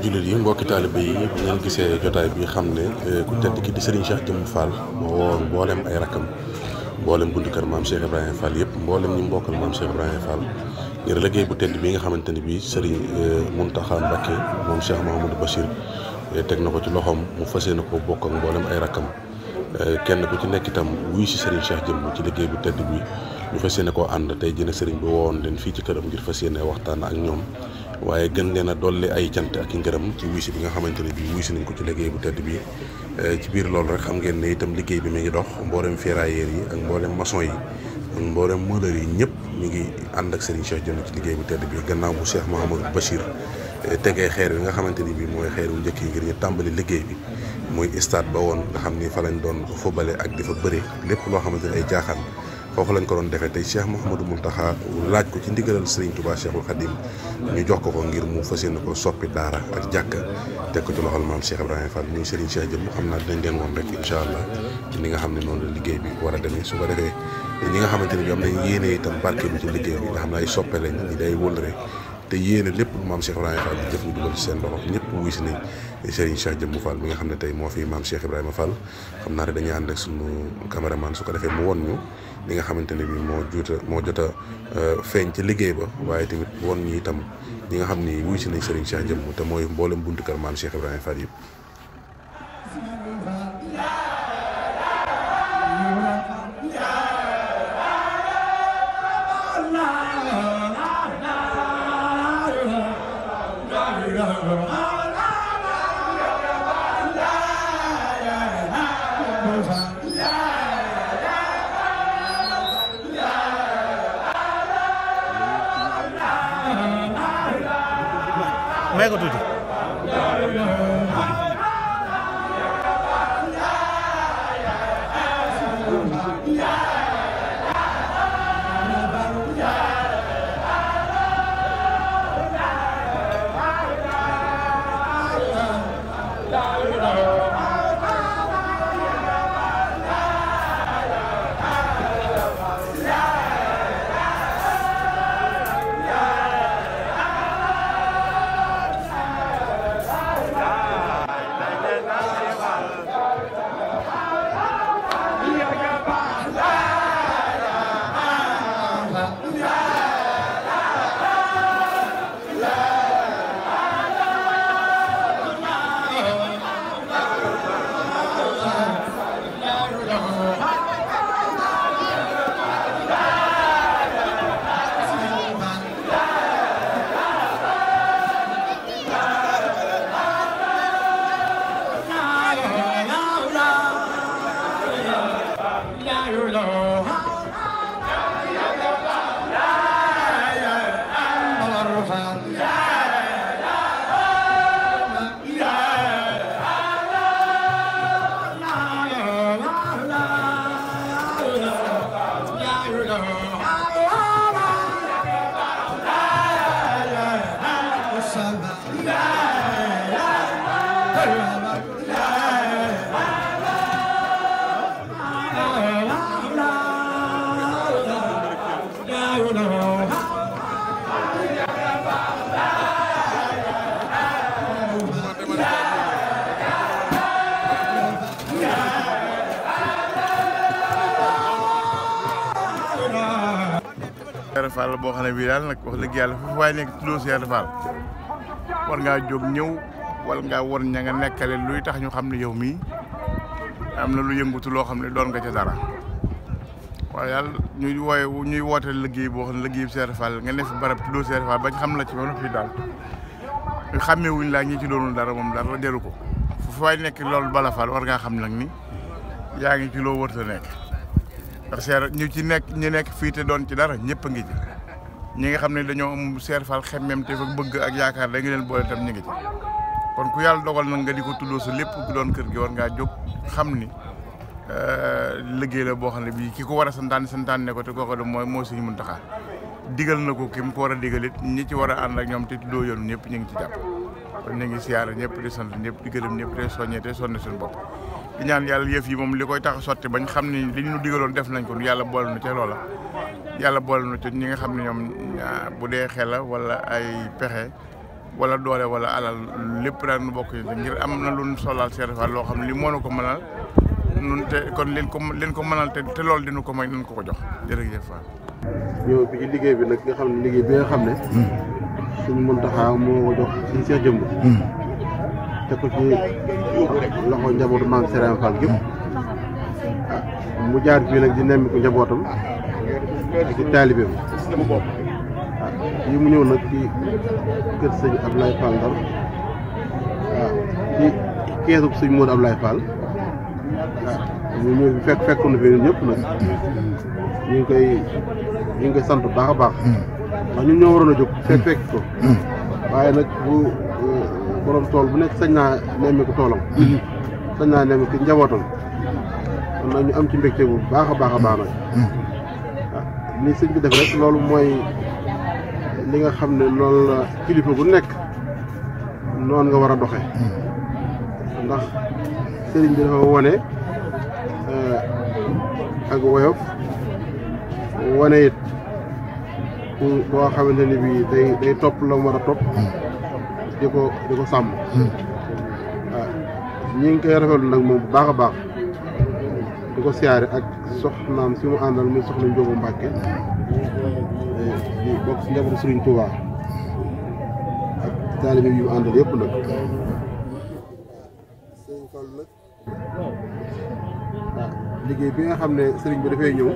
mbokki jullit yi mbokki taalibe yi bu ngeen gisee jotaay bi xam ne eh, ku tedd ki di Serigne Cheikh Jëmm Fall moo woon mboolem ay rakkam mboolem buntu kër maam Cheikh Ibrahima Fall yëpp mboolem ñu mbokkal maam Cheikh Ibrahima ngir liggéey bu tedd bi nga xamante ni bii Serigne eh, Mountakha Mbacké moom Cheikh Mahamadou Bachir eh, teg na ko ci loxoom mu fas yéene ko bokk ak ay rakkam kenn ku ci nekk itam wuy si Serigne Cheikh Jëmm ci liggéey bu tedd bi ñu fas yéene koo ànd tey jën sëriñ bi woon leen fii ci këram ngir fas yéene waxtaan ak ñoom waaye gën leen a dolli ay cant ak i ngërëm ci wuy si bi nga xamante ne bii wuy si nañ ko ci liggéey bu tedd bi eh, ci biir loolu rek xam ngeen ne itam liggéey bi mi ngi dox mboolem ferrailleurs yi ak mboolem maçon yi ak mboolem mëlër yi ñëpp ñu ngi ànd ak Serigne Cheikh ci liggéey bu tedd bi gannaaw bu Cheikh Mahamadou Bachir eh, tegee xeer bi nga xamante ni bii mooy xeer yi ngir ñu tàmbali liggéey bi muy stade ba woon nga xam ni fa lañ doon fubale ak di fa bëre lépp loo xamante ne ay jaaxaan foofu lañ ko doon defee tey Cheikh Mouhamadou Mountakha laaj ko ci ndigalal Serigne Touba Cheikhul Khadim ñu jox ko ko ngir mu fas yéene ko soppi daara ak jàkk teg ko ci loxol maam Cheikh Ibrahima Fall muy Serigne Cheikh jëm xam naa dinañ leen woon rek incha allah ni nga xam ne noonu la liggéey bi war a demee su ko defee ñi nga xamante ne bi am nañ yéene itam barke bi ci liggéey bi nga xam ne ay soppe lañ ñi day wëlëre te yéene lépp maam Cheikh Ibrahima Fall bi jëf ñu dugal ñëpp wuy si nañ Serigne Cheikh Jëmbu Fall bi nga xam ne tey moo fi maam Cheikh a Fall xam naa ne dañuy ànd ak sunu caméraman su ko defee mu won ñu li nga xamante ne bii moo juuta moo jot a euh, feeñ ci liggéey ba waaye tamit won ñu itam ñi nga xam ni wuy si nañ Serigne Cheikh Jëmbu te mooy mboolem buntu kër maam Cheikh Ibrahima Fall yëpp. Fall boo xam ne bii daal nag wax dëgg yàlla foofu waaye nekk tuddoo Cheikh Fall war ngaa jóg ñëw wala ngaa luy tax ñu xam ne yow mii am na lu yëngutu loo xam ne doon nga ca dara waaye daal ñuy wooye ñuy woote liggéey boo xam ne liggéey bu Cheikh Fall nga ne fi barab tuddoo Cheikh Fall bañ la ci loolu fii daal xàmmee wuñ laa ñi ci doonul dara moom dara jaru ko foofu waaye nekk loolu bala Fall war ngaa xam nag ni yaa ngi ci loo wërta nekk. ñu ci nekk ñu nekk fii te doon ci dara ñëpp ngi ci ñi nga xam ne dañoo am seerfal xemmem te fa bëgg ak yaakaar da nga leen boole tam ñu ngi kon ku yàlla dogal nag nga di ko tuddoo lépp ku doon kër gi war ngaa jóg xam ni euh, liggéey la boo xam ne bii ki ko war a santaane santaane ne ko te kooku mooy mooy suñu digal na ko ki mu ko a digal ñi ci war a ànd ak ñoom te tuddoo yoon ñëpp ñu ngi ci jàpp kon ñu ngi siyaara ñëpp di sant ñëpp di gërëm ñëpp te soññee te sonn suñu bopp di ñaan yàlla yëf yi moom li koy tax a sotti bañ xam ni li ñu digaloon def nañ ko yàlla boole na ca loola yàlla boole na ci ñi nga xam ne ñoom ah, bu dee xel la wala ay pexe wala doole wala alal lépp daal nu bokk ci ngir am na lu ñu solal Cheikh Fall loo xam ne lii moo na ko mënal te kon leen ko leen ko mënal te te loolu dinu ko may nañ ko ko jox jërëjëf Fall. ñëw liggéey bi nag nga xam ne liggéey bi nga xam ne. Hmm. suñu Muntaxa moo ko jox hmm. ci loxo njabootu maam Serigne Fall hmm. ah, mu jaar fii nag di nemmi ko njabootam. ci taalibe bi waaw mu ñëw nag ci kër sëñ Abdoulaye Fall Ndar waaw ci keesub sëñ Modou Abdoulaye Fall waaw ñu ñëw fekk ngi koy ñu ngi koy sant bu baax a baax ndax ñun ñoo a jóg fekk fekk ko waaye nag bu uh, borom tool bu nekk sañ naa nemmi ko toolam sañ naa nemmi ko njabootam kon nag ñu am ci mbégte bu baax a baax a baax nag li sëñ bi def loolu mooy li nga xam ne loolu la kilifa gu nekk noonu nga war a doxe hmm. ndax sëriñ bi dafa wone eh, ak woyof wane it ku boo xamante ni bii day day topp la mu war a topp hmm. di ko di ko sàmm waaw hmm. ah, ngi koy rafetlu nag moom bu baax a baax di ko siyaare ak soxnaam si mu àndal muy soxna Njóobu Mbàkke di bokk si njabootu Sëriñ Touba ak taalibe yu mu àndal yëpp liggéey bi nga xam ne sëriñ bi dafay ñëw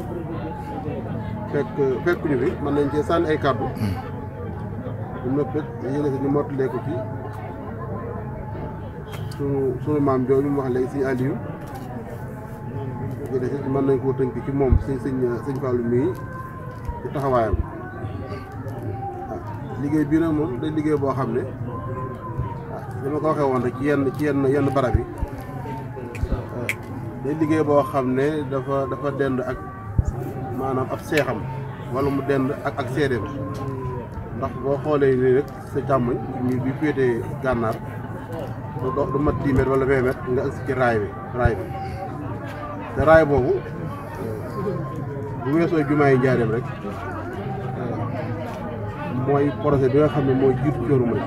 fekk mën nañ cee ay kàddu bu nëpp si ñu mottalee wax léegi si Aliou ko defee mën nañ koo tënk ci moom sëñ sëñ sëñ Fallou mii ci taxawaayam liggéey bii day liggéey ne ko waxee woon rek yenn ci yenn yenn day liggéey ne dafa dafa dend ak maanaam ab seexam wala mu dend ak ak séeréem ndax boo xoolee nii rek sa càmmoñ ñu bi féetee gànnaar du mat mètres wala mètres nga ci raay bi raay bi te raay boobu bu weesoo jumaa yi njaareem rek mooy projet bi nga xam ne mooy jiitu cooru may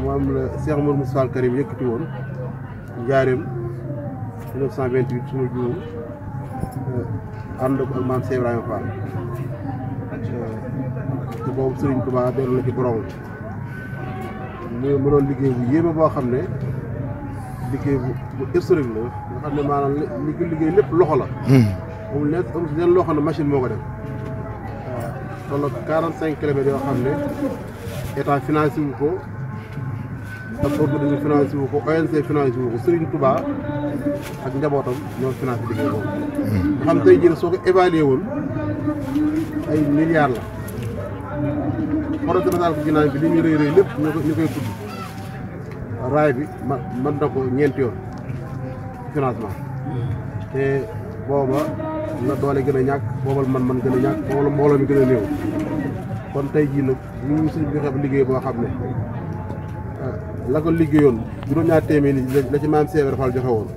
mu am la Cheikh Mor Moussa Karim yëkkati woon njaareem 1928 su ànd ak maam Cheikh Ibrahima Fall boobu Serigne Touba dellu ci borom mu doon liggéey bu yéeme boo xam ne liggéey bu bu historique la ne maanaam liggéey lépp loxo la. Hmm. amul nekk amul leen loo xam ne machine moo ko def waaw tolloo 45 kilomètres yoo xam ne état financé wu ko wu ko ONC financé wu ko Serigne Touba ak njabootam ñoo financé liggéey boobu. Hmm. nga xam tey jii soo ko évalué woon ay milliards la. projet national bu ginnaaw bi li ñu rëy rëy lépp ñu koy ñu raay bi ma mën na ko ñeenti yoon financement te booba la doole gën a ñàkk boobal man-man gën a ñàkk gën néew kon tey jii nag ñu ngi sëñ bi xeb liggéey boo xam ne ah, la ko liggéeyoon juróom-ñaar téeméeri la ci maam Seex Ibra Fall joxe woon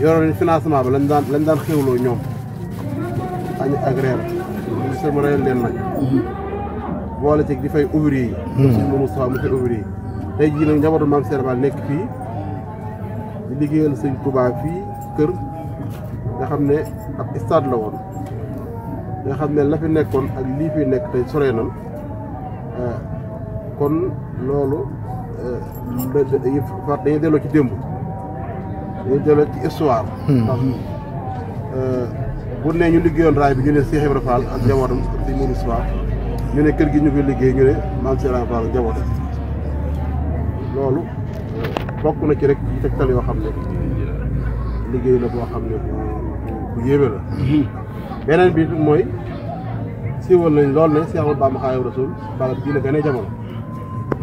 yoroon financement ba lañ daan lañ daan xéwloo ñoom añ ak reer sama rayal leen nag mm-hmm. boole ci di fay ouvrier yi suñ mm-hmm. ma Moustapha mu fay ouvrier yi tey jii nag njabootu maam Cheikh Ibra nekk fii di liggéeyal sëñ Touba fii kër nga xam ne ab stade la woon nga xam ne la fi nekkoon ak lii fi nekk tey sore nan kon loolu eh, dañuy dañuy delloo ci démb dañuy delloo ci histoire. Hmm. ndax eh, bu ne ñu liggéeyoon raay bi ñu ne Cheikh Ibra ak njabootam ak sëñ ñu ne kër gi ñu koy liggéey ñu ne maam Cheikh Ibra Fall loolu bokk na ci rek ci tegtal yoo xam ne liggéey la boo xam ne bu bu yéeme la mhm. beneen bi mooy siiwal nañ lool ne Seexul Bamba Xaadimu Rasuul barab bii la gënee jamono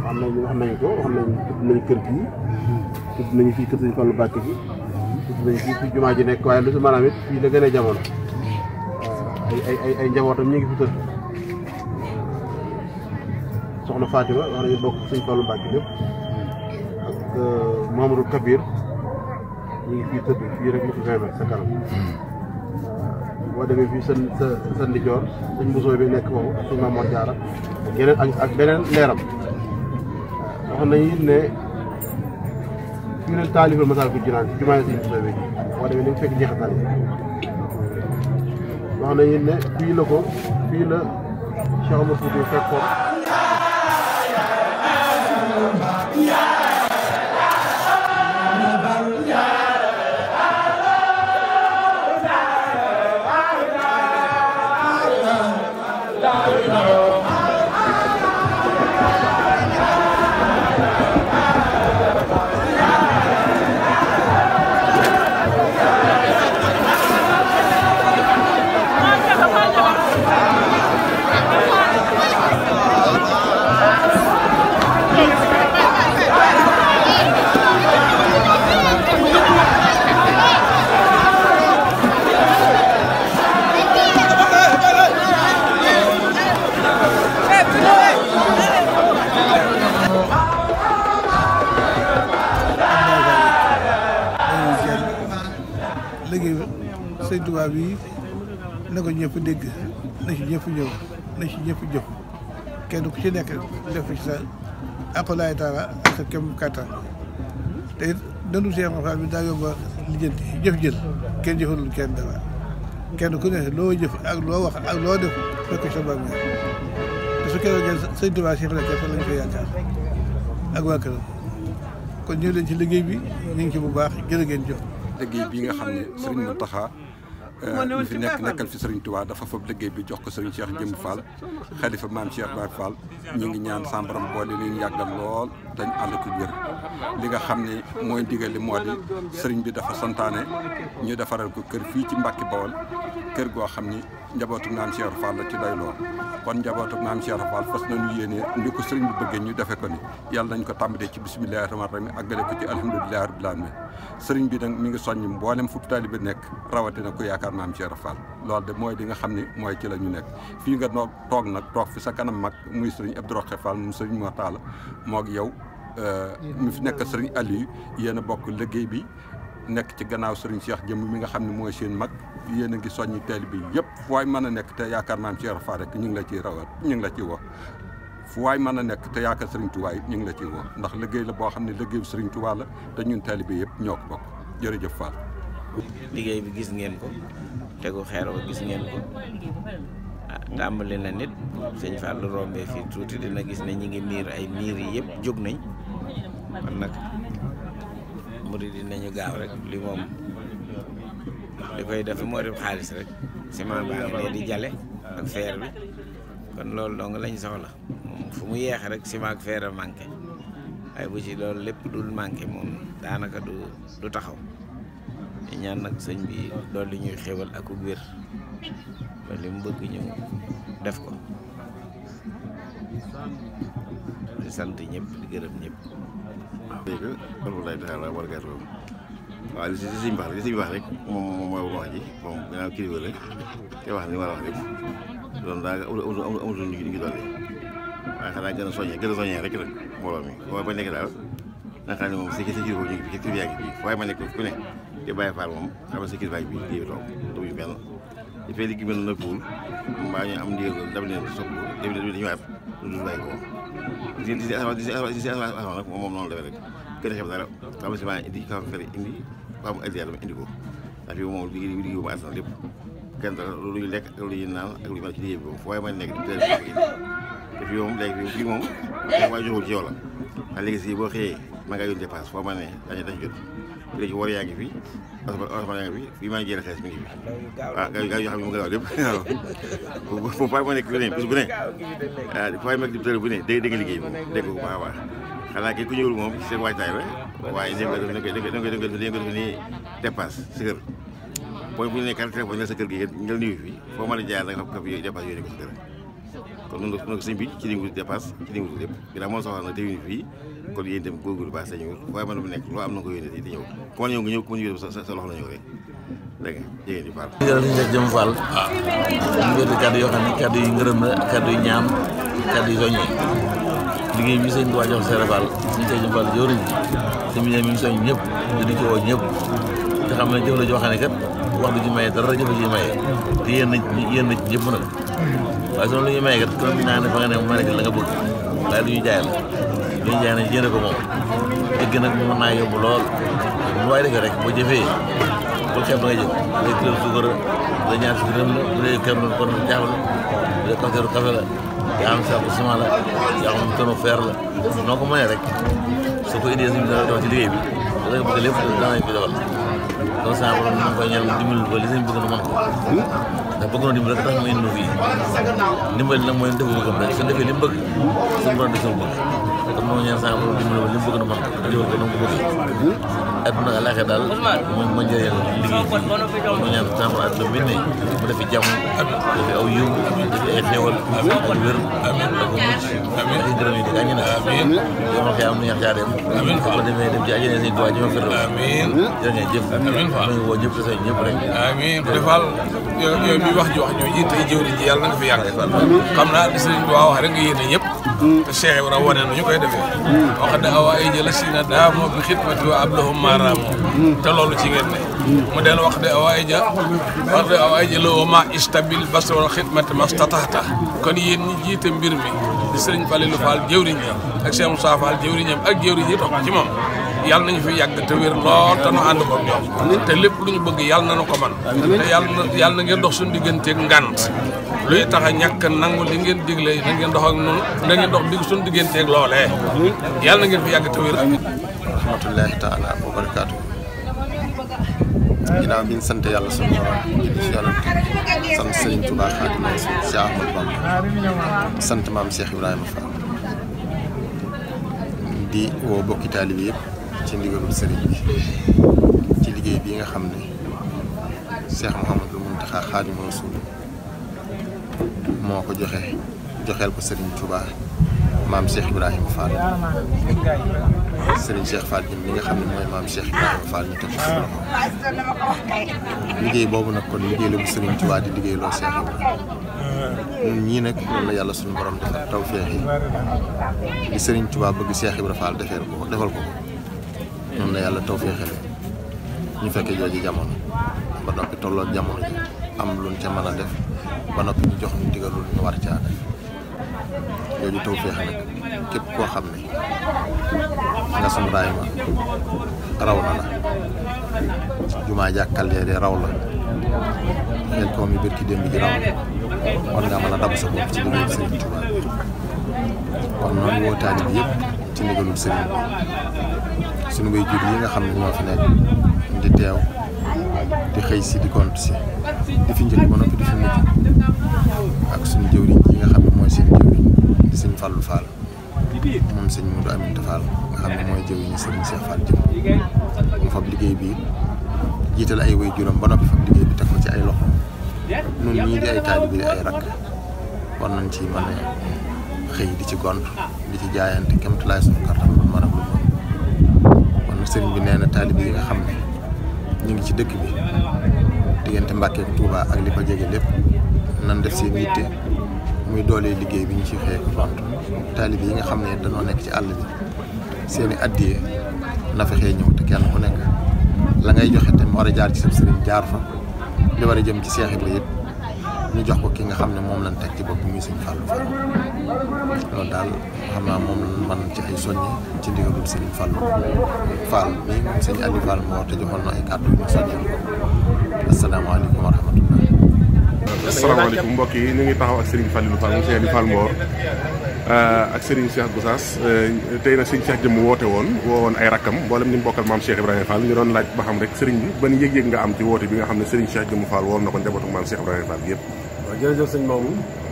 xam nañ wax nañ ko wax nañ tudd nañ kër gi tudd nañu fii kër Sëñ Fallu Mbàkke ji nekk waaye lu si maanaam it fii la gënee jamono ay ay ay ay njabootam ñu ngi fi tëdd soxna Fatima wax nañu bokk Sëñ Fallu Mbàkke lépp مامرو كبير ني في تد في رك مو فيما سكر ودا في سن سن ديور سن بوزوي بي نيك مو سن مامو جارا غيرن اك اك بنن ليرام واخنا ني ني من طالب المدار في جيران جمعة سن بوزوي بي ودا في نفك جيختال واخنا ني في لوكو في لا شيخ مصطفى فكور liggéey sëñ Tuubaa bi na ko ñëpp dégg na ci ñëpp ñëw na ci ñëpp jëf kenn ku ci nekk def ci sa akulaay taala ak sa kem kattan te it dëndu Cheikh Moussa bi daa yomba lijjanti jëf jël kenn jëfalul kenn dara kenn ku ne loo jëf ak loo wax ak loo def fekk sa bàq mi te su keroog ngeen sëñ Tuubaa si xelal fa lañ koy yaakaar ak waa kon ñëw leen ci liggéey bi ñu ci bu baax jërë ngeen jëf. liggéey bii nga xam ne Serigne Mountakha mi euh, fi nekk nekkal fi Serigne Touba dafa fab liggéey bi jox ko Serigne Cheikh Jëmb Fall xalifa maam Cheikh Baye Fall ñu ngi ñaan sàmbaram boole leen yàggal lool dañ ànd ko wér li nga xam ni mooy ndigal li moo di Serigne bi dafa santaane ñu defaral ko kër fii ci mbakki Bawol kër goo xam ni njabootu maam Cheikh Fall la ci bay lool kon njabootu maam Cheikh Fall fas nañu yéene ndi ko sëriñ bi bëggee ñu defe ko ni yàlla nañ ko tàmbalee ci bisimilahi rahmaani rahim àggale ko ci alhamdulilahi rabbil alamin sëriñ bi nag mi ngi soññ mboolem fu taalibe nekk rawatina ku yaakaar am Cheikh Fall loolu de mooy li nga xam ne mooy ci la ñu nekk fii nga noog toog nag toog fi sa kanam mag muy sëriñ Abdou Rokhaya Fall moom sëriñ Mor Talla moo ak yow euh, mu fi nekk sëriñ Aliou yéen a bokk liggéey bi nekk ci gannaaw Serigne Cheikh jëmm mi nga xam ne mooy seen mag yéen a ngi soññi teel bi yëpp fu waay mën a nekk te yaakaar maam Cheikh Rafa rek ñu ngi la ciy rawat ñu ngi la ciy wax fu waay mën a nekk te yaakaar Serigne Touba ñu ngi la ciy wax ndax liggéey la boo xam ne liggéeyu Serigne Touba la te ñun teel bi yëpp ñoo ko bokk jërëjëf Fall. liggéey bi gis ngeen ko tegu xeer wa gis ngeen ko ah tàmbali na nit sëñ Fall rombee fii tuuti dina gis ne ñi ngi miir ay miir yi yëpp jóg nañ kon nag. murid yi nañu gaaw rek li moom ndax koy def moo def xaalis rek ciment baa ngi ne di jale ak fer bi kon loolu dong lañ soxla moom fu mu yeex rek ciment ak fer a manqué waaye bu ci loolu lépp dul manqué moom daanaka du du taxaw ñu ñaan nag sëñ bi loolu li ñuy xéwal ak wér ba li mu bëgg ñu def ko di sant ñëpp di gërëm ñëpp loolu lay defar la war nga toog waaye li si si baax li si baax rek moom mooy wax ji bon gannaaw kilifa la te wax li ma la wax rek loolu daal amul amul amul lu ñu dolli waaye xanaa gën a soññee gën a soññee rek nag mbooloo mi waaye ba nekk daal nga xam ne moom si si kilifa ñu ngi ci kilifa yaa ngi fii waaye ma nekk ku ne te bàyyi faal moom xam ne si kilifa bi lii toog duñu benn dafay liggéey mel na kuul mbaa ñu am ndigal dam leen sopp dam leen dañu waat lu dul bàyyi ko di di di asama moom noonu la rek kenn xeeb dara xam si maa indi xam fere indi xam ay dama indi ko ndax fii moom liggéey liggéey bu kenn dara lu lekk ak lu naan ak lu ñu ci liggéey bi moom fu waaye mën nekk di te fii moom léegi fii moom waaye joxul ci yow la ndax léegi si boo xëyee ma ngaa yónni dépense foo ma ne dañu dañu jot léegi war yaa ngi fi asma yaa ngi fi fii maa ngi jël xees mi ngi fi ah, waaw gaaw gaaw yoo xam ma nekk bu ne bés bu ne waaw ah, fay ma nekk bu ne dégg dégg liggéey moom dégg ko baax a baax xanaa kii ku ñëwul sa kër boo bu ñu ne carte téléphone sa kër gi ngeen niwu fi foo mën a jaar da nga xam dépense yooyu nekk sa kër kon noonu la sëñ bi ci li nga ci li nga lépp ginnaaw moo soxla nag te ñu fii kon yéen itam góorgóorlu baax sañ waaye man bu nekk loo am na ko yónnee te ñëw ku mën sa loxo la ñëw rek dégg nga jigéen ñi Fall. jërëjëf jëm Fall. waaw ah. ñu yoo xam ne kaddu yu ngërëm la kaddu yu ñaan kaddu yu soññee liggéey bi sëñ bi waa jox Sëriñ jëm Fall jëwriñ sëñ bi mi ngi soñ ñëpp dina ci woo ñëpp te xam ne jëf la joo xam ne kat wax du ci maye dara jëf la ci maye te yéen na yéen ci ñëpp nag waaye soo lu ñu may kat ko naa ne fa nga ne ma nekk la nga bëgg waaye du ñu jaay la du ñu jaay nañ jënd ko moom dëgg nag mën naa yóbbu lool mu waay defee rek boo jëfee bul xeeb la nga jël bu dee kilo suukar la ñaar fukki dërëm la bu dee kilo kon jaaxal la bu dee conteeru café la yaa xam saaku ciment la yaa xam tonneau fer la noo ko mënee rek soo ko indee si bi dana dox ci liggéey bi dana bëgg lépp danañ ko doxal comme ça borom ñu ngi koy ñaan mu dimbali ba li sëñ bëgg na mën ko bëgg na dimbali rek tax mu indi fii dimbali nag mooy defuma ko rek su defee li mu bëgg suñu borom def sama bëgg comme noonu ñaan sama borom dimbali ba li mu bëgg noonu ñaan sama borom adduna ne mu defi jàmm defi aw yiw defi ay xéewal ak wér ak mucc ak gërëm yi di gàññi na yoo ma xëy ñëpp te seen defal yooyu mi wax ji wax ñooy yéen tey jëwri ji yàlla na nga fi yàgg xam naa li sëriñ bi wax rek nga yéene ñëpp te Cheikh Ibrahima wane na ñu koy defee wax da awa ay jëla si bi xidmati wa ablahum maaraamoo te loolu ci ngeen mu del wax de awaay ja wax de awaay ja la ma istabil basrol xidmati kon yéen ñi jiite mbir mi di sëriñ Falilou ak Cheikh Moussa Fall ak jëwriñ yi topp Yal nañu fi yàgg te wér lool te nu ko ñoom te lépp lu bëgg yàlla nañu ko man te yàlla na yàlla na ngeen dox suñu digganteeg ngant luy tax a nangu li ngeen digle na ngeen dox ak noonu na ngeen dox dig suñu digganteeg loolee yàlla na ngeen fi te rahmatullahi taala wa sant suñu borom di ci yàlla sant Touba Khadim sant Cheikh di bokki ci ndigalul sëriñ bi ci liggéey bi nga xam ne Cheikh Mouhamadou Mountakha Khadimu Rasul moo ko joxe joxeel ko sëriñ Touba maam Cheikh Ibrahima Fall sëriñ Cheikh Fall jëm li nga xam ne mooy maam Cheikh Ibrahima Fall ñu liggéey boobu nag kon liggéey la bu sëriñ Touba di liggéey loo Cheikh Ibrahima ñun ñii nag loolu la yàlla suñu borom defal taw yi li sëriñ Touba bëgg Cheikh Ibrahima Fall defal ko defal ko. noonu na yàlla tawféexale ñu fekkee jooju jamono ba noppi tolloog jamono ji am luñ ca mën a def ba noppi ñu jox ñu digal lu ñu war caa def koo xam ne nga sum jumaa jàkkal yee de raw la xel koom yi bërki démb ji raw war ngaa mën a dab sa bopp ci liggéeyu Sëriñ Tuubaa kon noonu woo taalibe bi ci ndigalul sëriñ bi suñu way yi nga xam ne ñoo fi nekk di teew di xëy si di gont si di fi njëkk ba noppi di fi mujj ak suñu jëwriñ yi nga xam ne mooy seen jëwriñ di sëñ Fallou Fall moom mooy jëwriñu sëriñ Cheikh mu fab liggéey bi jiital ay way juram ba noppi fab liggéey bi teg ci ay loxo noonu ñii di ay taalibe di ay rakk war nañ ci mën a xëy di ci gont di ci jaayante kémtalaay suñu kartam mën ak lu seen bi nee na taalib yi nga xam ne ñu ngi ci dëkk bi diggante Mbàkke ak Touba ak li ko jege lépp nan def seen yitte muy doole liggéey bi ñu ci xëyee ko taalib yi nga xam ne dañoo nekk ci àll bi seen i addiyee na te kenn ku nekk la ngay joxe te mu war a jaar ci sa sëriñ jaar fa li war a jëm ci seexib la yëpp ñu jox ko kii nga xam ne moom lañ teg ci bopp muy Sëriñ Fallou Fall loolu daal xam naa moom man ci ay soññi ci ndigalul Serigne Fallou Fall bi sëñ Aliou Fall moo te joxoon na ay kàddu yu soññal ko asalaamaaleykum wa rahmatullah asalaamaaleykum mbokk yi ñu ngi taxaw ak Serigne Fallou Fall mu sëñ Aliou Fall Mboor euh, ak Serigne Cheikh Goussas euh, tey nag Serigne Cheikh jëmm woote woon woowoon ay rakkam mboolem ñu bokkal maam Cheikh Ibrahima Fall ñu doon laaj ba xam rek Serigne bi ban yëg-yëg nga am ci woote bi nga xam ne Serigne Cheikh jëmm Fall woon na yëpp. waaw jërëjëf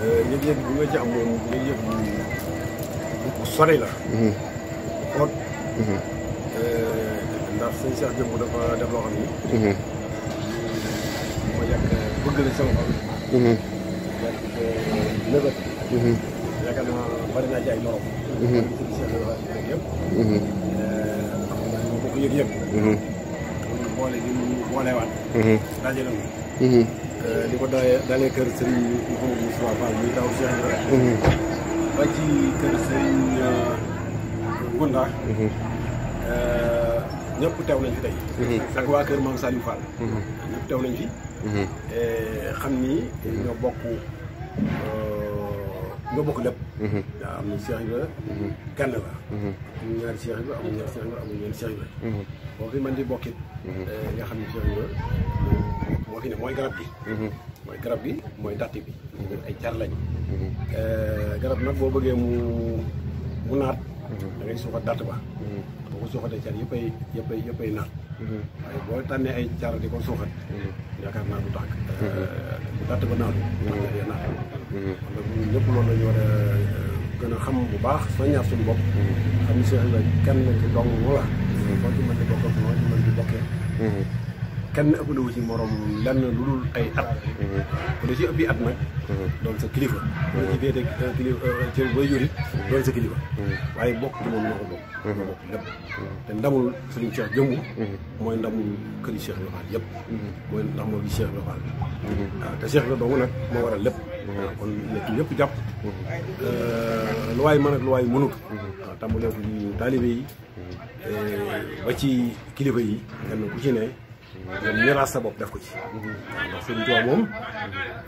yëg-yëg bi nga ci am moom yëg-yëg bu sori la. Mhm. kon. Mhm. Eh, ndax sëñ Cheikh Dieumb dafa def loo xam ni. ma mhm. yàgg bëgg na sama xol. yàgg eh, nëbët. yaakaar naa bari naa ci ay morom. yëpp. Eh, xam naa ko yëg-yëg. boole ñu boolewaat. dajale li ko dalee dalee kër Serigne Mouhamadou Moustapha Fall muy taw Cheikh Ibrahima. Mhm. ba ci kër Serigne euh, Gunda. Mhm. Euh, ñëpp tew nañ fi tey. Mhm. waa kër Mame nañ fi. xam ni ñoo bokk euh, ñoo bokk lépp. waaw am na Cheikh Ibrahima. kenn la. am ñaari Cheikh Ibrahima amul boo fi mën di bokkit nga xam ni Cheikh Ibrahima. moo mooy garab gi mhm. mooy garab gi mooy dàtt bi mhm. ay car lañ mhm. euh, garab nag boo bëggee mu mu naat da ngay suufa dàtt ba boo ko suufatee car yëppay yëppay boo tànnee ay car di ko suufat yaakaar naa du tànk bu euh, dàtt ba naatu tànk naat kon ñëpp loolu la ñu war a euh, gën a xam bu baax soññaat suñu bopp xam ne Cheikh Ibrahima kenn ci dong la boo ci mën di bokk ak noo di bokkee kenn ëppale wu ci morom lenn lu dul ay at. bu mhm. dee ci ëppi at nag. Mhm. doon sa kilifa. bu mhm. dee euh, euh, doon sa kilifa. waaye bokk ci moom ñoo ko bokk. ñoo bokk lépp te ndamul Serigne Cheikh ah, lépp. waaw ah, kon léegi ñëpp jàpp. Euh, lu waay mën ak lu waay mënut. waaw ko ñu taalibe yi. Eh, ba ci kilifa yi. kenn ku ci ne. nga miraas sa bopp def ko ci. ndax sëñ Tuubaa moom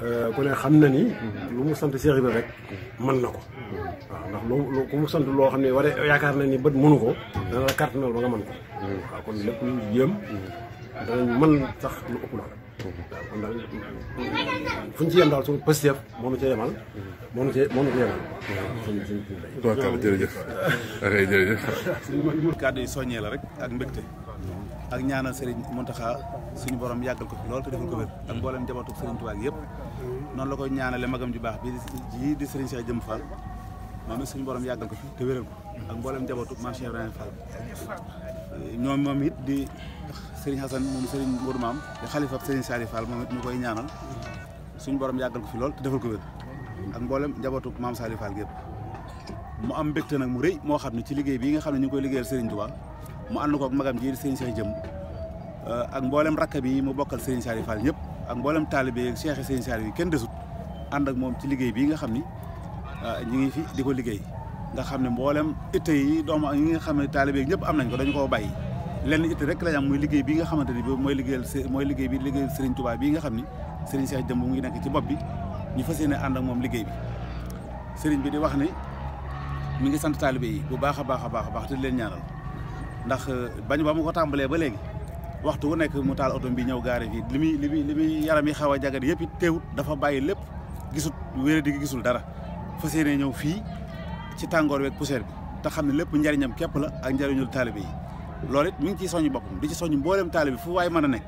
euh, ku xam na ni. lu mu sant Cheikh Ibrahima rek mën na ko. waaw ndax lu ku mu sant loo xam ne war yaakaar na ni bët mënu ko. dana la kàttanal ba nga mën ko. waaw kon lépp lu ñu jéem sax lu ëpp la. ci yem daal suñu pësteef moo ñu ca yemal. moo ñu ca moo ñu ca yemal. waaw waaw yi soññee la rek ak mbégte. ak ñaanal Serigne Mountakha suñu borom yàggal ko fi lool te defal ko wér ak mboolem njabootu yëpp noonu la koy ñaanale magam ju baax bi ji di Serigne Cheikh Jëm Fall moom it suñu borom yàggal ko fi te wéral ko ak mboolem njabootu Mame Cheikh Ibrahima Fall ñoom moom it di Serigne Hassan moom Maam di xalifa Serigne Sali Fall moom koy ñaanal suñu borom yàggal ko lool te defal ko wér ak mboolem yëpp mu am mbégte nag mu rëy moo xam ne ci liggéey bi nga xam ne ñu ngi koy liggéeyal Serigne Touba mu ànd koog magam ji sëriñ Cheikh jëm euh, ak mboolem rakkab yi mu bokkal sëriñ Saliou Fall ñëpp mboolem taalibe yeeg Cheikh yi sëriñ yi kenn desut ànd ak moom ci liggéey bii nga xam ni euh, ñu ngi fi di ko liggéey nga xam ne mboolem itte yi nga xam ne taalibe yeeg ñëpp am nañ ko dañu koo bàyyi lenn itte rek lañ am muy liggéey bii nga xamante ni bi mooy liggéeyal mooy liggéey bi liggéeyal sëriñ Touba bii nga xam ni sëriñ Cheikh jëm mu ngi nekk ci bopp bi ñu fas yéene ànd ak moom liggéey bi sëriñ bi di wax ni mu ngi sant taalibe yi bu baax a baax a baax a baax te leen ñaaral ndax euh, bañ ba mu ko tàmbalee ba léegi waxtu wu nekk mu taal oto bi ñëw gaare fii li muy li muy li muy yaram yi xaw a jagat yëpp it teewut dafa bàyyi lépp gisut wéer di gisul dara fa yéene ñëw fii ci tàngoor weeg poussière bi te xam ne lépp njariñam képp la ak njariñul taalibe yi loolu it mi ngi ciy soññ boppam di ci soññ mboolem taalibe fu waay mën a nekk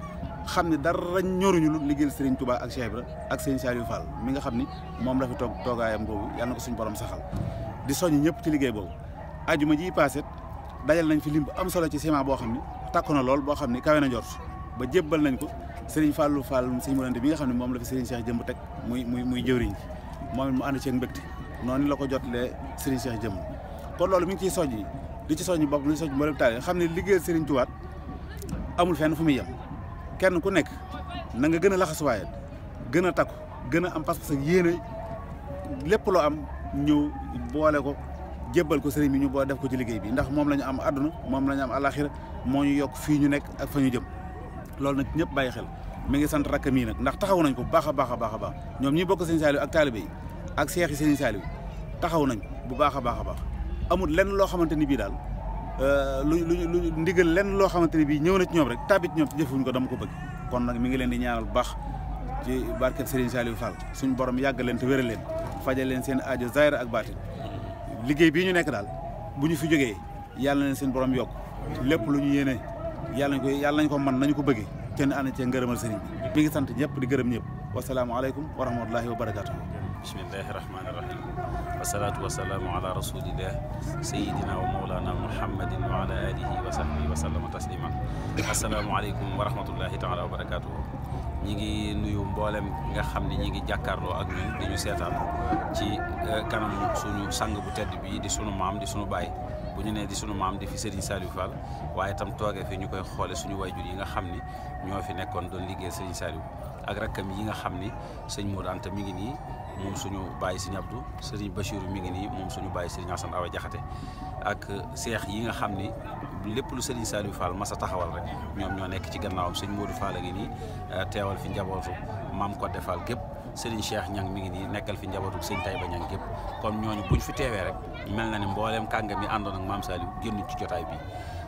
xam ne dara ñoruñu lu liggéeyal Serigne Touba ak Cheikh ak Serigne Saliou Fall mi nga xam ni moom la fi toog toogaayam boobu yàlla na ko borom saxal di soññ ñëpp ci liggéey boobu ajuma dajal nañ fi lim am solo ci ciment boo xam ne takku na lool boo xam ni kawe na njort ba jébbal nañ ko Serigne Fallou Fall Serigne Mourante bi nga xam ne moom la fi Serigne Cheikh jëmb teg muy muy muy jëwriñ ji moom it mu ànd ci ak mbégte noonu la ko jotlee Serigne Cheikh jëmb kon loolu mi ngi ciy soññi di ci soññi bopp li soññi mboolem taal xam ne liggéeyal Serigne Touba amul fenn fu muy yem kenn ku nekk na nga gën a laxasuwaayal gën a takku gën a am parce que yéen a lépp loo am ñëw boole ko jébbal ko sëriñ bi ñu boo def ko ci liggéey bi ndax moom lañu ñu am àdduna moom la ñu am alaxira moo ñu yokk fii ñu nekk ak fa ñu jëm lool nag ñëpp bàyyi xel mi ngi sant rakk mii nag ndax taxaw nañ ko baax a baax a baax a baax ñoom ñi bokk sëñ Saliou ak taalibe yi ak seex yi sëñ taxaw nañ bu baax a baax a baax amul lenn loo xamante ni bii daal euh, lu lu lu ndigal lenn loo xamante ni bii ñëw na ci ñoom rek tabit ñoom ci ko dama ko bëgg kon nag mi ngi leen di ñaanal bu baax ci barkeb Serigne Saliou Fall suñu borom yàgg leen te wéral leen fajal leen seen aajo zaahir ak baatin liggéey bii ñu nekk daal bu ñu fi jógee yàlla nañ seen borom yokk lépp lu ñu yéene yàlla nañ ko yàlla nañ ko man nañu ko bëggee te ne ànd cee ngërëmal sëriñ mi ngi sant ñëpp di gërëm ñëpp wasalaamaaleykum wa rahmatulahi wa barakaatu. bismillahi rahmaani rahim wasalaatu wasalaamu ala rasulillah sayidina wa maulana muhammadin wa ala alihi wa sahbihi wa sallama tasliman asalaamualeykum wa rahmatullahi taala wa barakatuhu ñi ngi nuyu mboolem nga xam ne ñi ngi jàkkaarloo ak ñun di ñu seetaan ci euh, kanam suñu sang bu tedd bi di suñu maam di suñu baay bu ñu nee di suñu maam di fi Serigne Saliou Fall waaye itam toogee fi ñu koy xoole suñu wayjur yi nga xam ni ñoo fi nekkoon doon liggéey Serigne Saliou ak rakkam yi nga xam ni sëñ Modou Anta mi ngi nii moom suñu bàyyi Serigne Abdou Serigne Bachirou mi ngi nii moom suñu bàyyi Serigne Assane Awa jaxate ak euh, seex yi nga xam ni lépp lu Serigne Saliou Fall mas a taxawal rek ñoom ñoo nekk ci gannaawam sëñ Modou Fall a ngi nii euh, teewal fi njabootu maam Codé Fall gépp Serigne Cheikh Niang mi ngi nii nekkal fi njabootu sëñ Taïba Niang gépp kon ñooñu buñ fi teewee rek mel na ni mbooleem kàngam yi àndoon ak maam Saliou génn ci jotaay bi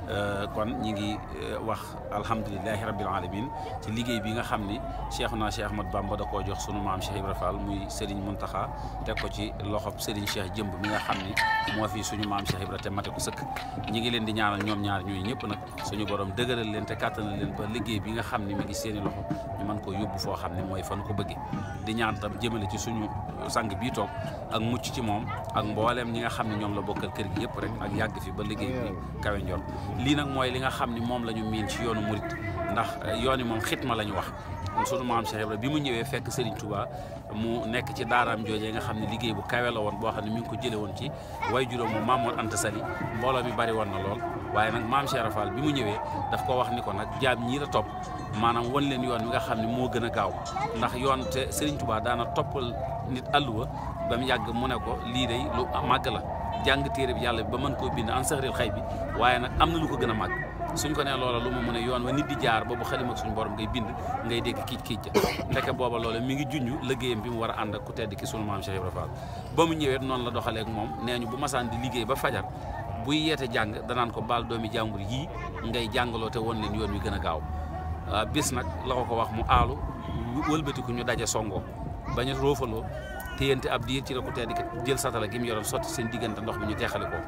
Euh, kon ñi ngi euh, wax alhamdulilahi rabbil alamin ci liggéey bi nga xam ni Cheikhuna Cheikh Ahmad Bamba da koo jox sunu maam Cheikh Ibra Fall muy Serigne Muntaxa teg ko ci loxo Serigne Cheikh jëmb mi nga xam ni moo fi suñu maam Cheikh Ibra mate ko sëkk ñi ngi leen di ñaanal ñoom ñaar ñooyu ñëpp nag suñu borom dëgëral leen te leen ba liggéey bi nga xam ni mi ngi seeni loxo ñu mën ko yóbbu foo xam ne mooy fan ko bëgge di ñaan tam jëmale ci suñu sang bii toog ak mucc ci moom ak mbooleem ñi nga xam ne ñoom la bokkal kër gi yëpp rek ak yàgg fi ba liggéey bi kawe lii nag mooy li nga xam ni moom la ñu miin ci yoonu murit ndax eh, yoon yi moom xitma la ñu wax sunu maam Cheikh Ibra bi mu ñëwee fekk Serigne Touba mu nekk ci daaraam joojee nga xam ne liggéey bu kawe la woon boo xam ne mi ngi ko jële woon ci way juróom moom Mamour Anta Sali mbooloo mi bari woon na lool waaye nag maam Cheikh Rafal bi mu ñëwee daf ko wax ni ko nag jaam ñii a topp maanaam wan leen yoon mi nga xam ne moo gën a gaaw ndax yoon te Serigne Touba daana toppal nit àlluwa ba mu yàgg mu ne ko lii day lu la jàng téere bi yàlla bi ba man koo bind an saxril xay bi waaye nag am na lu ko gën a màgg suñ ko nee loola lu ma mën a yoon wa nit di jaar boobu xalima ak suñ borom ngay bind ngay dégg kiic kiic ja ndeke booba loola mi ngi junj liggéeyam bi mu war a ànd ak ku tedd ki sunu maam Cheikh Ibra Fall ba mu ñëwee moom nee ñu bu masaan di liggéey ba fajar buy yeete jàng danaan ko baal doomi jàmbur yii ngay jàngaloo te woon leen yoon wi gën a gaaw ah, bis nag la ko ko wax mu aalu wëlbatiku ñu daje songoo bañ a roofaloo téyante ab diir ci la ko tedd kat jël satala gi mu yoroon sotti seen diggante ndox mi ñu teexale ko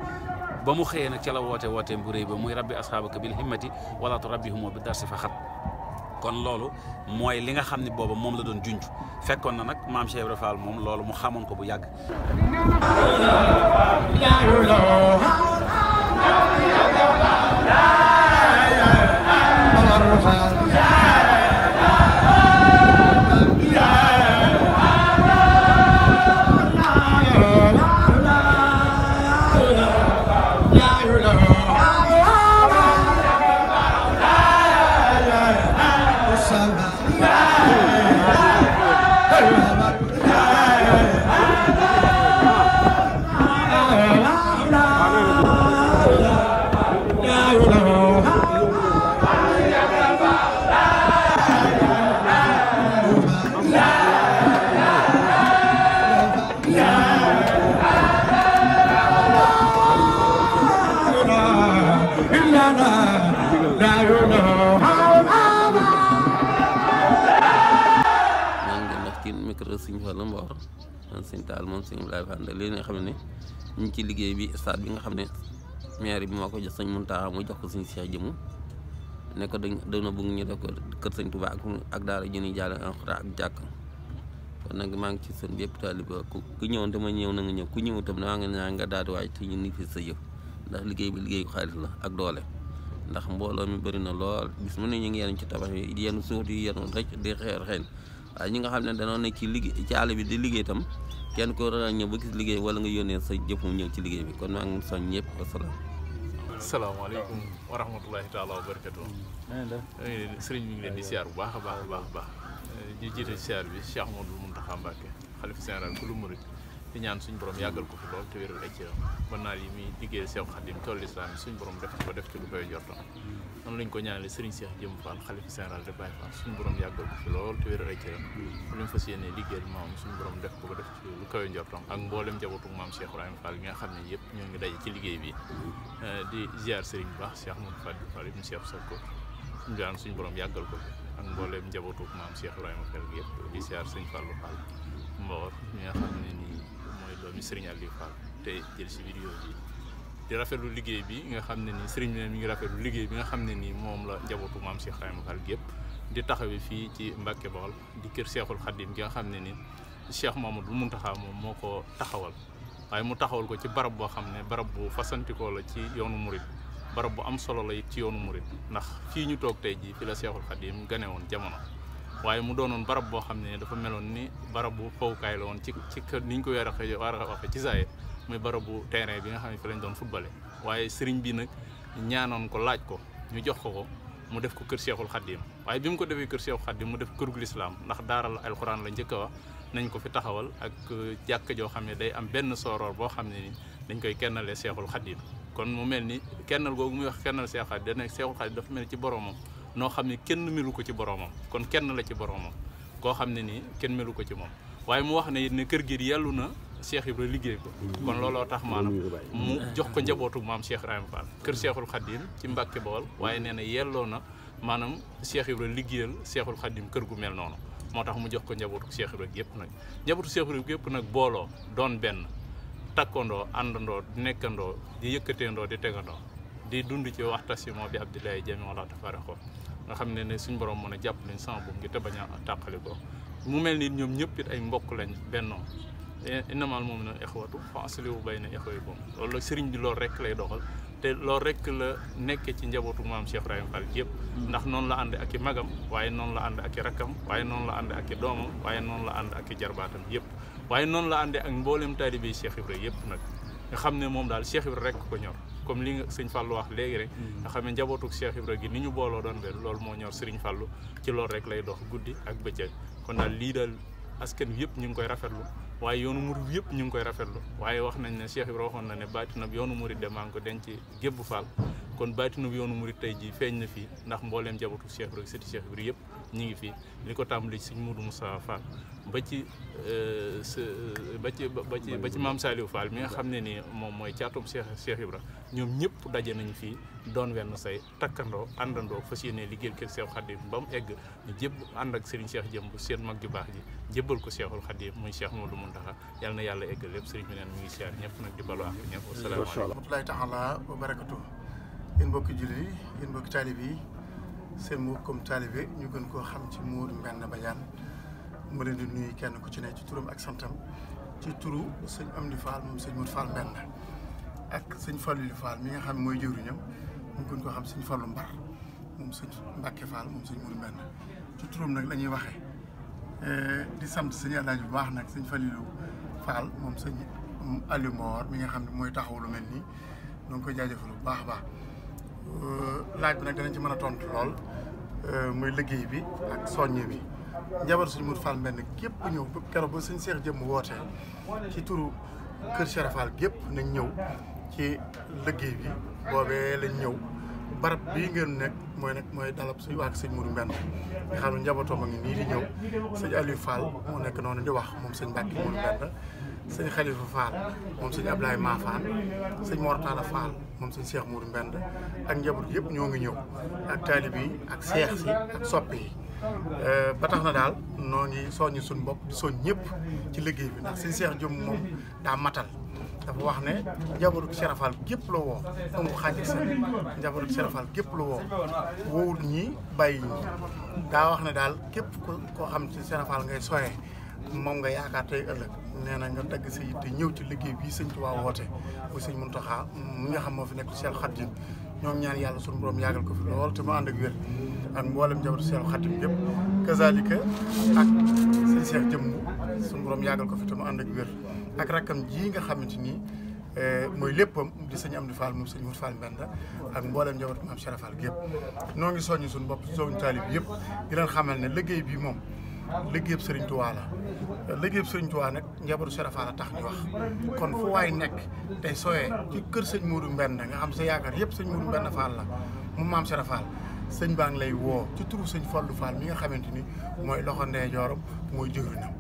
ba mu xëyee nag ca la woote wooteem bu rëy ba muy rabbi asxaabaka bil himmati wala turabbihumoo bi darsi fa xat kon loolu mooy li nga xam ne booba moom la doon junj fekkoon na nag maam Cheikh Ibra Fall moom loolu mu xamoon ko bu yàgg ci liggéey bi stade bi nga xam ne maire bi moo ko jox sëñ Muntaxa mu jox ko sëñ Seex jëmu ne ko dañ dana bëgg ñu def ko kër sëñ Tuubaa ak daara jëni jàll alxuraan ak jàkk kon nag maa ngi ci seen bépp taalibe ku ñëwoon dama ñëw na nga ñëw ku ñëw tam maa nga naa nga daal di waaj te ñu ni fi sa yëpp ndax liggéey bi liggéey xaalis la ak doole ndax mbooloo mi bëri na lool gis mu ne ñu ngi yenn ci tabax yi yenn suuf yi yenn rek di xeer xeen waaye ñi nga xam ne danoo ne ci liggéey ci àll bi di liggéey tam kenn ko ràññee ba gis liggéey wala nga yónnee sa jëf mu ñëw ci liggéey bi kon maa ngi soñ ñëpp wasalaam. salaamaaleykum wa rahmatulahi taala wa barakatu. sëriñ mi ngi leen di siyaar bu baax a baax baax a baax. di jiite siyaar bi Cheikh Modou Mountakha Mbacké xalifa général a lu murit di ñaan suñu boroom yàggal ko fi lool te wéral ay cëram mën naa yi muy liggéey Seex Xaadim tool islam yi suñu borom def ci ko def ci lu koy jortam noonu lañ ko ñaanale Serigne Cheikh Jëm Fall xalifa général de Baye Fall suñu lool te wéral ay cëram lu ñu fas yéene liggéeyal maam suñu ko def ci lu koy njortam ak mboolem njabootu maam Cheikh Ibrahima Fall yi nga xam ne yëpp ñoo ngi daje ci liggéey bi eh, di ziar Serigne Baax Cheikh Mouhamed Fall Fall ibn Cheikh Sakko ñu ñaan suñu borom yàggal ko ak mboolem njabootu maam Cheikh Ibrahima Fall yëpp di ziar Serigne nga xam ne mi serigne ali fall tay jël ci vidéo bi di rafetlu liggéey bi nga xam ni serigne bi mi ngi rafetlu liggéey bi nga xam ni mom la njabootu mam cheikh khaym fal gep di taxawé fi ci mbacké bol di keur cheikhul khadim gi nga xam ni cheikh mamadou muntaxa moom moo ko taxawal waye mu taxawal ko ci barab bo xam barab bu fasantikoo la ci yoonu mourid barab bu am solo la ci yoonu mourid fi ñu tok tay ji fi la cheikhul khadim gané won jamono waaye mu doonoon barab boo xam ne dafa meloon ni barab bu fowukaay la woon ci ci kër ni ñu ko war a xëy war a ci saayir muy barab bu terrain bi nga xam ne fi lañ doon footballé waaye sëriñ bi nag ñaanoon ko laaj ko ñu jox ko ko mu def ko kër Seexul Xaddim waaye bi mu ko defee kër Seexul Xaddim mu def kër kërug lislaam ndax daaral alxuraan la njëkk a wax nañ ko fi taxawal ak uh, jàkk joo xam ne day am benn sooroor boo xam ne ni dañ koy kennalee Seexul Xaddim kon mu mel ni kennal googu muy wax kennal Seexul Xaddim dana Seexul dafa mel ci boromam noo xam ne kenn melu ko ci boroomam kon kenn la ci boroomam koo xam ne nii kenn melu ko ci moom waaye mu wax ne ne kër gi yàllu na Cheikh Ibra liggéey ko kon looloo tax maanaam mu jox ko njabootu maam Cheikh Ibrahima Fall kër Cheikhul Khadim ci Mbàkke Bawol waaye nee na yelloo na maanaam Cheikh Ibra liggéeyal Cheikhul Khadim kër gu mel noonu moo tax mu jox ko njabootu Cheikh Ibra yëpp nag njabootu Cheikh Ibra yëpp nag booloo doon benn takkandoo àndandoo nekkandoo di yëkkateendoo di tegandoo di dund ci waxta si moo bi Abdoulaye Jami wala tafaraqo nga xam ne ne suñ borom mën a jàpp lañ sama boobu ngir te bañ a mu mel ni ñoom ñëpp ay mbokk lañ bennoo e, inamal moom na exwatu fa aslihu bayna exwaykum loolu la sëriñ bi loolu rek lay doxal te loolu rek la nekke ci njabootu maam Cheikh Ibrahima Fall yëpp ndax noonu la ànd ak i magam waaye noonu la ànd ak i rakkam waaye noonu la ànd ak i doomam waaye noon la ànd ak i jarbaatam yëpp waaye noonu la àndee ak mboolem taalibe Cheikh Ibrahima yëpp nag nga xam ne moom daal Cheikh rek ko ñor comme li nga sëñ Fallou wax léegi rek mm. nga xam ne njabootuk Cheikh Ibra gi ni ñu booloo doon benn loolu moo ñor sëriñ fallu ci loolu rek lay dox guddi ak bëccëg kon daal lii daal askan wi yëpp ñu ngi koy rafetlu waaye yoonu murid yëpp ñu ngi koy rafetlu waaye wax nañ ne Cheikh waxoon na ne baatinab yoonu muri de maa ngi ko denc gébb Fall kon baatinab yoonu murid tey jii feeñ na fii ndax mbooleem njabootuk Cheikh Ibra gi sëti Cheikh Ibra yëpp ñu ngi fi li ko tàmbali si sëñ Moudou Moussa ba eh, ci ba ci ba ci ba ci maam saliou fall mi nga xam ni mom moy caatum cheikh cheikh ibra ñom ñëpp dajé nañ fi doon wenn say takkando andando fasiyene yéene ke cheikh khadim bam egg ñu jébb and ak serigne cheikh jëmb seen mag ju baax ji jébbal ko cheikhul khadim muy cheikh modou muntaha yalla na yalla egg lepp serigne ñeen neen mu ngi siyaar ñëpp nag di balu ak ñëpp asalaamaaleykum rahmatullahi taala wa barakatu in bokk julli in bokk talibi seen mu comme talibé ñu gën ko xam ci Modou Mbène Badiane ma leen di nuyu kenn ku ci ne ci turam ak santam ci turu sëñ Amdi Fall moom sëñ Modou Fall mbenn ak sëñ Fallou Fall mi nga xam ne mooy jëwriñam mu gën koo xam sëñ Fallou Mbar moom sëñ Mbacke Fall moom sëñ Modou mbenn ci turam nag la ñuy waxee eh, di sant sëñ Alaaji bu baax nag sëñ Fallou moom sëñ Aliou Mor nga xam ne mooy taxawu lu mel nii ñoo ngi koy jaajëfal bu baax a baax eh, laaj bi nag danañ ci mën a tontu lool eh, mooy liggéey bi ak soññe bi. jabar suñu mut Fall mbenn képp ñëw keroog ba suñ seex jëmm wootee ci turu kër Cheikh Fall gépp nañ ñëw ci liggéey bi boobee lañ ñëw barab bii ngeen nekk mooy nag mooy dalab suñu waak sëñ Mourou Mbène nga xam ne njabootam a ngi nii di ñëw nekk noonu di moom sëñ Mbacke Mourou Mbène sëñ Khalifa Fall moom sëñ Ablaye Mafane sëñ Mortala Fall moom sëñ Cheikh ak njaboot yëpp ñoo ngi ñëw ak taalib yi ak seex si ak soppe yi Euh, ba tax na daal noo ngi soññi suñ bopp di soñ ñëpp ci liggéey bi ndax suñ seex jëm moom daa matal dafa wax ne njabootu serafal gépp la woo amul serafal gépp la woo ñi bàyyi ñi wax ne daal képp koo xam ci serafal ngay soyee moom nga yaakaar tey ëllëg nee na nga dagg sa yitte ñëw ci liggéey bii sëñ Tuubaa woote bu sëñ Muntaxaa mu nga xam moo fi nekk Seex Xaadim ñoom ñaan yàlla sun borom yàggal ko fi lool te mu ànd ak ak mboolem njabootu Seex Xaadim yëpp kazalika ak sëñ Seex jëmm suñu borom yàggal ko fi te mu ànd ak wér ak rakkam ji nga xamante ni e, mooy léppam di sëñ Amdi Fall moom sëñ Mour Fall Mbenda ak mboole njabootu maam Cheikh Fall yëpp noo ngi soññi suñu bopp soñu taalib yëpp di leen ne liggéey bi moom liggéeyub Sëriñ Tuubaa la nag njabootu Cheikh tax ñu wax kon fu waay nekk tey sooyee kër sëñ Mourou Mbenda nga xam sa yaakaar yëpp sëñ Mourou Mbenda Fall la mu maam Cheikh Fall sëñ baa ngi lay woo ci sëñ Fallou Fall mi nga xamante ni mooy loxo ndeyjooram mooy jëwriñam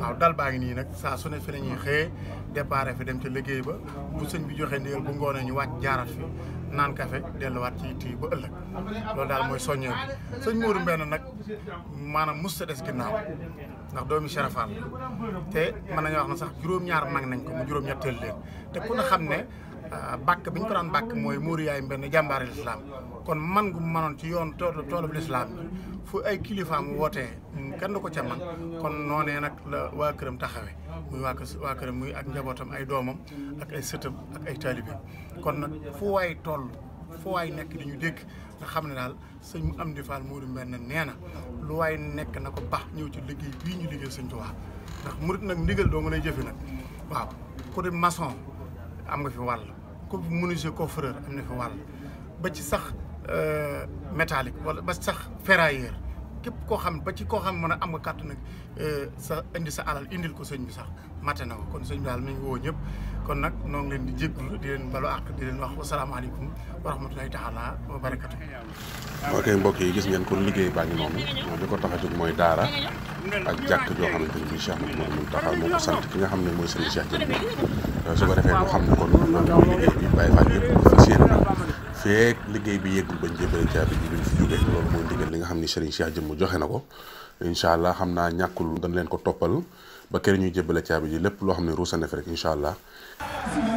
waaw dal baa ngi nii nag saa su ne nañuy xëyee départ dem ca liggéey ba bu sëñ bi joxe ndigal bu ngoonee ñu wàcc jaarat fi naan kafe delluwaat ci tii ba ëllëg loolu daal mooy soññee bi sëñ Mourou Mbène nag maanaam mos sa des ginnaaw ndax doomi Serapha te mën nañu wax na sax juróom-ñaar mag nañ ko mu juróom-ñetteel leen te ku na xam ne. Euh, bàkk bi ñu ko daan bàkk mooy muuri yaay mbenn jàmbaari lislaam kon man gu manoon ci yoon toolu toolu lislaam bi fu ay kilifaam wootee kenn du ko ca kon noonee nag la waa këram taxawee muy waa kë waa muy ak njabootam ay doomam ak ay sëtam ay taalibeem kon nag fu waay toll fu waay nekk di ñu dégg nga xam ne daal sëñ am di Fall Mourou Mbène nee na lu waay nekk na ko baax ñëw ci liggéey bii ñu liggéey sëñ Tuubaa ndax murit nag ndigal doo mën a jëfe nag waaw ku di maçon am nga fi wàll ku menuisier coffreur am na fi wàll ba ci sax euh, métallique wala ba sax ferrailleur képp koo xam ba ci koo xam mën a am nga kàttu euh, nag sa indi sa alal indil ko sëñ bi sax mate na kon sëñ daal mi ngi ñëpp kon nag noo ngi leen di jégalu di leen balu àq di leen wax wasalaamaaleykum wa rahmatulahi taala wa barakatu ok mbokk yi gis ngeen kon liggéey baa ngi noonu li ko tax a jóg mooy daara ak jàkk joo xamante ni bii nga xam ne mooy sëñ Cheikh Jëmb su ko defee ñu xam ne kon loolu liggéey bi bàyyi faa yëpp fas yéene na feek liggéey bi yeggul bañ jébbale caabi ji biñ fi jógee loolu mooy ndigal li nga xam ni Serigne Cheikh Jëmm joxe na ko incha allah xam naa ñàkkul dañ leen ko toppal ba kër ñuy jébbale caabi ji lépp loo xam ne ruusane fi rek incha allah